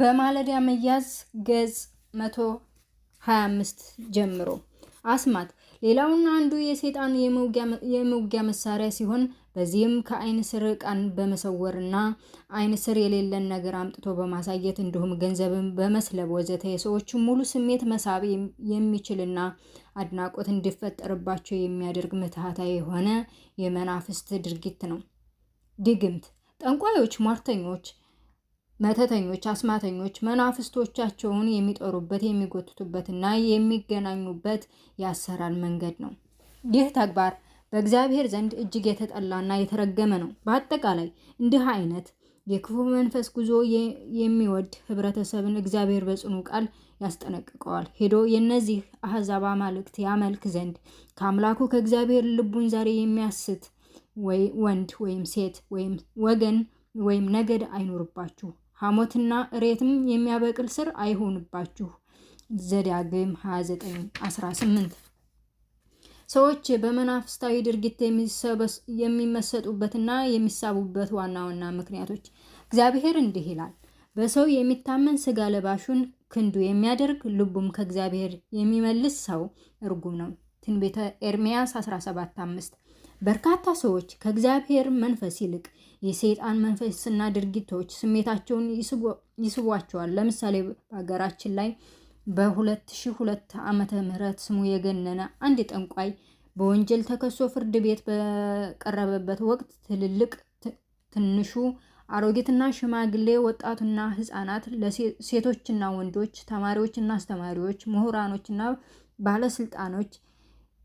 በማለዳ መያዝ ገጽ 125 ጀምሮ አስማት ሌላውን አንዱ የሰይጣን የመውጊያ መሳሪያ ሲሆን በዚህም ከአይን ስር ዕቃን በመሰወርና አይን ስር የሌለን ነገር አምጥቶ በማሳየት እንዲሁም ገንዘብን በመስለብ ወዘተ የሰዎችን ሙሉ ስሜት መሳብ የሚችልና አድናቆት እንዲፈጠርባቸው የሚያደርግ ምትሃታዊ የሆነ የመናፍስት ድርጊት ነው። ድግምት ጠንቋዮች፣ ሟርተኞች መተተኞች፣ አስማተኞች መናፍስቶቻቸውን የሚጠሩበት የሚጎትቱበትና የሚገናኙበት የአሰራር መንገድ ነው። ይህ ተግባር በእግዚአብሔር ዘንድ እጅግ የተጠላና የተረገመ ነው። በአጠቃላይ እንዲህ አይነት የክፉ መንፈስ ጉዞ የሚወድ ህብረተሰብን እግዚአብሔር በጽኑ ቃል ያስጠነቅቀዋል። ሄዶ የእነዚህ አህዛብ አማልክት ያመልክ ዘንድ ከአምላኩ ከእግዚአብሔር ልቡን ዛሬ የሚያስት ወንድ ወይም ሴት ወይም ወገን ወይም ነገድ አይኖርባችሁ ሐሞትና እሬትም የሚያበቅል ስር አይሆንባችሁ። ዘዳግም 29:18 ሰዎች በመናፍስታዊ ድርጊት የሚመሰጡበትና የሚሳቡበት ዋና ዋና ምክንያቶች እግዚአብሔር እንዲህ ይላል፣ በሰው የሚታመን ስጋ ለባሹን ክንዱ የሚያደርግ ልቡም ከእግዚአብሔር የሚመልስ ሰው እርጉም ነው። ትንቢተ ኤርምያስ 17፥5 በርካታ ሰዎች ከእግዚአብሔር መንፈስ ይልቅ የሰይጣን መንፈስና ድርጊቶች ስሜታቸውን ይስቧቸዋል። ለምሳሌ በሀገራችን ላይ በ2002 ዓመተ ምህረት ስሙ የገነነ አንድ ጠንቋይ በወንጀል ተከሶ ፍርድ ቤት በቀረበበት ወቅት ትልልቅ፣ ትንሹ፣ አሮጊትና ሽማግሌ፣ ወጣቱና ህፃናት ሴቶችና ወንዶች፣ ተማሪዎችና አስተማሪዎች፣ ምሁራኖችና ባለስልጣኖች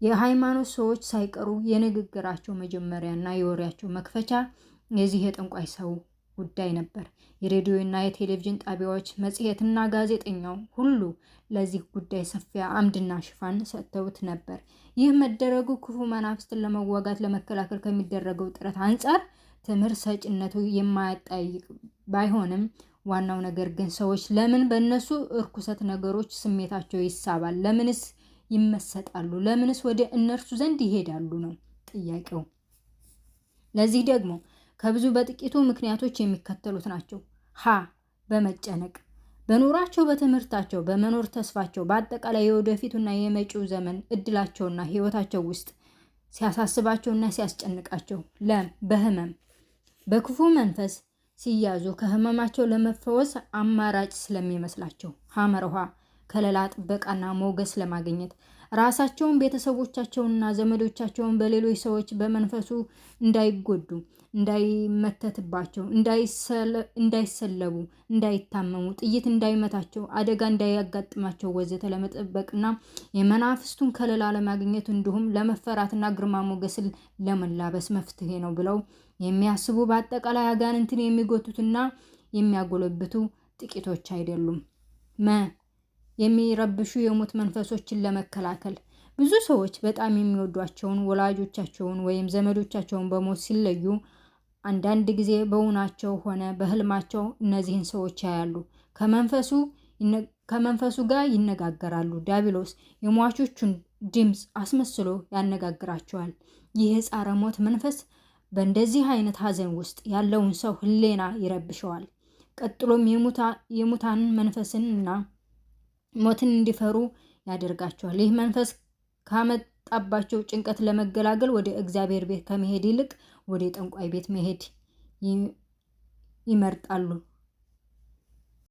የሃይማኖት ሰዎች ሳይቀሩ የንግግራቸው መጀመሪያና የወሬያቸው መክፈቻ የዚህ የጠንቋይ ሰው ጉዳይ ነበር። የሬዲዮና የቴሌቪዥን ጣቢያዎች፣ መጽሔትና ጋዜጠኛው ሁሉ ለዚህ ጉዳይ ሰፊ አምድና ሽፋን ሰጥተውት ነበር። ይህ መደረጉ ክፉ መናፍስትን ለመዋጋት ለመከላከል ከሚደረገው ጥረት አንጻር ትምህርት ሰጭነቱ የማያጠያይቅ ባይሆንም ዋናው ነገር ግን ሰዎች ለምን በእነሱ እርኩሰት ነገሮች ስሜታቸው ይሳባል? ለምንስ ይመሰጣሉ? ለምንስ ወደ እነርሱ ዘንድ ይሄዳሉ ነው ጥያቄው። ለዚህ ደግሞ ከብዙ በጥቂቱ ምክንያቶች የሚከተሉት ናቸው። ሀ በመጨነቅ በኑሯቸው፣ በትምህርታቸው፣ በመኖር ተስፋቸው፣ በአጠቃላይ የወደፊቱና የመጪው ዘመን እድላቸውና ህይወታቸው ውስጥ ሲያሳስባቸውና ሲያስጨንቃቸው፣ ለ በህመም በክፉ መንፈስ ሲያዙ ከህመማቸው ለመፈወስ አማራጭ ስለሚመስላቸው ሐመር ውሃ ከለላ፣ ጥበቃና ሞገስ ለማግኘት ራሳቸውን፣ ቤተሰቦቻቸውንና ዘመዶቻቸውን በሌሎች ሰዎች በመንፈሱ እንዳይጎዱ፣ እንዳይመተትባቸው፣ እንዳይሰለቡ፣ እንዳይታመሙ፣ ጥይት እንዳይመታቸው፣ አደጋ እንዳያጋጥማቸው ወዘተ ለመጠበቅና የመናፍስቱን ከለላ ለማግኘት እንዲሁም ለመፈራትና ግርማ ሞገስን ለመላበስ መፍትሄ ነው ብለው የሚያስቡ በአጠቃላይ አጋንንትን የሚጎቱትና የሚያጎለብቱ ጥቂቶች አይደሉም። የሚረብሹ የሞት መንፈሶችን ለመከላከል ብዙ ሰዎች በጣም የሚወዷቸውን ወላጆቻቸውን ወይም ዘመዶቻቸውን በሞት ሲለዩ አንዳንድ ጊዜ በውናቸው ሆነ በህልማቸው እነዚህን ሰዎች ያያሉ። ከመንፈሱ ጋር ይነጋገራሉ። ዲያብሎስ የሟቾቹን ድምፅ አስመስሎ ያነጋግራቸዋል። ይህ የጻረ ሞት መንፈስ በእንደዚህ አይነት ሀዘን ውስጥ ያለውን ሰው ህሌና ይረብሸዋል። ቀጥሎም የሙታን መንፈስንና ሞትን እንዲፈሩ ያደርጋቸዋል። ይህ መንፈስ ካመጣባቸው ጭንቀት ለመገላገል ወደ እግዚአብሔር ቤት ከመሄድ ይልቅ ወደ ጠንቋይ ቤት መሄድ ይመርጣሉ።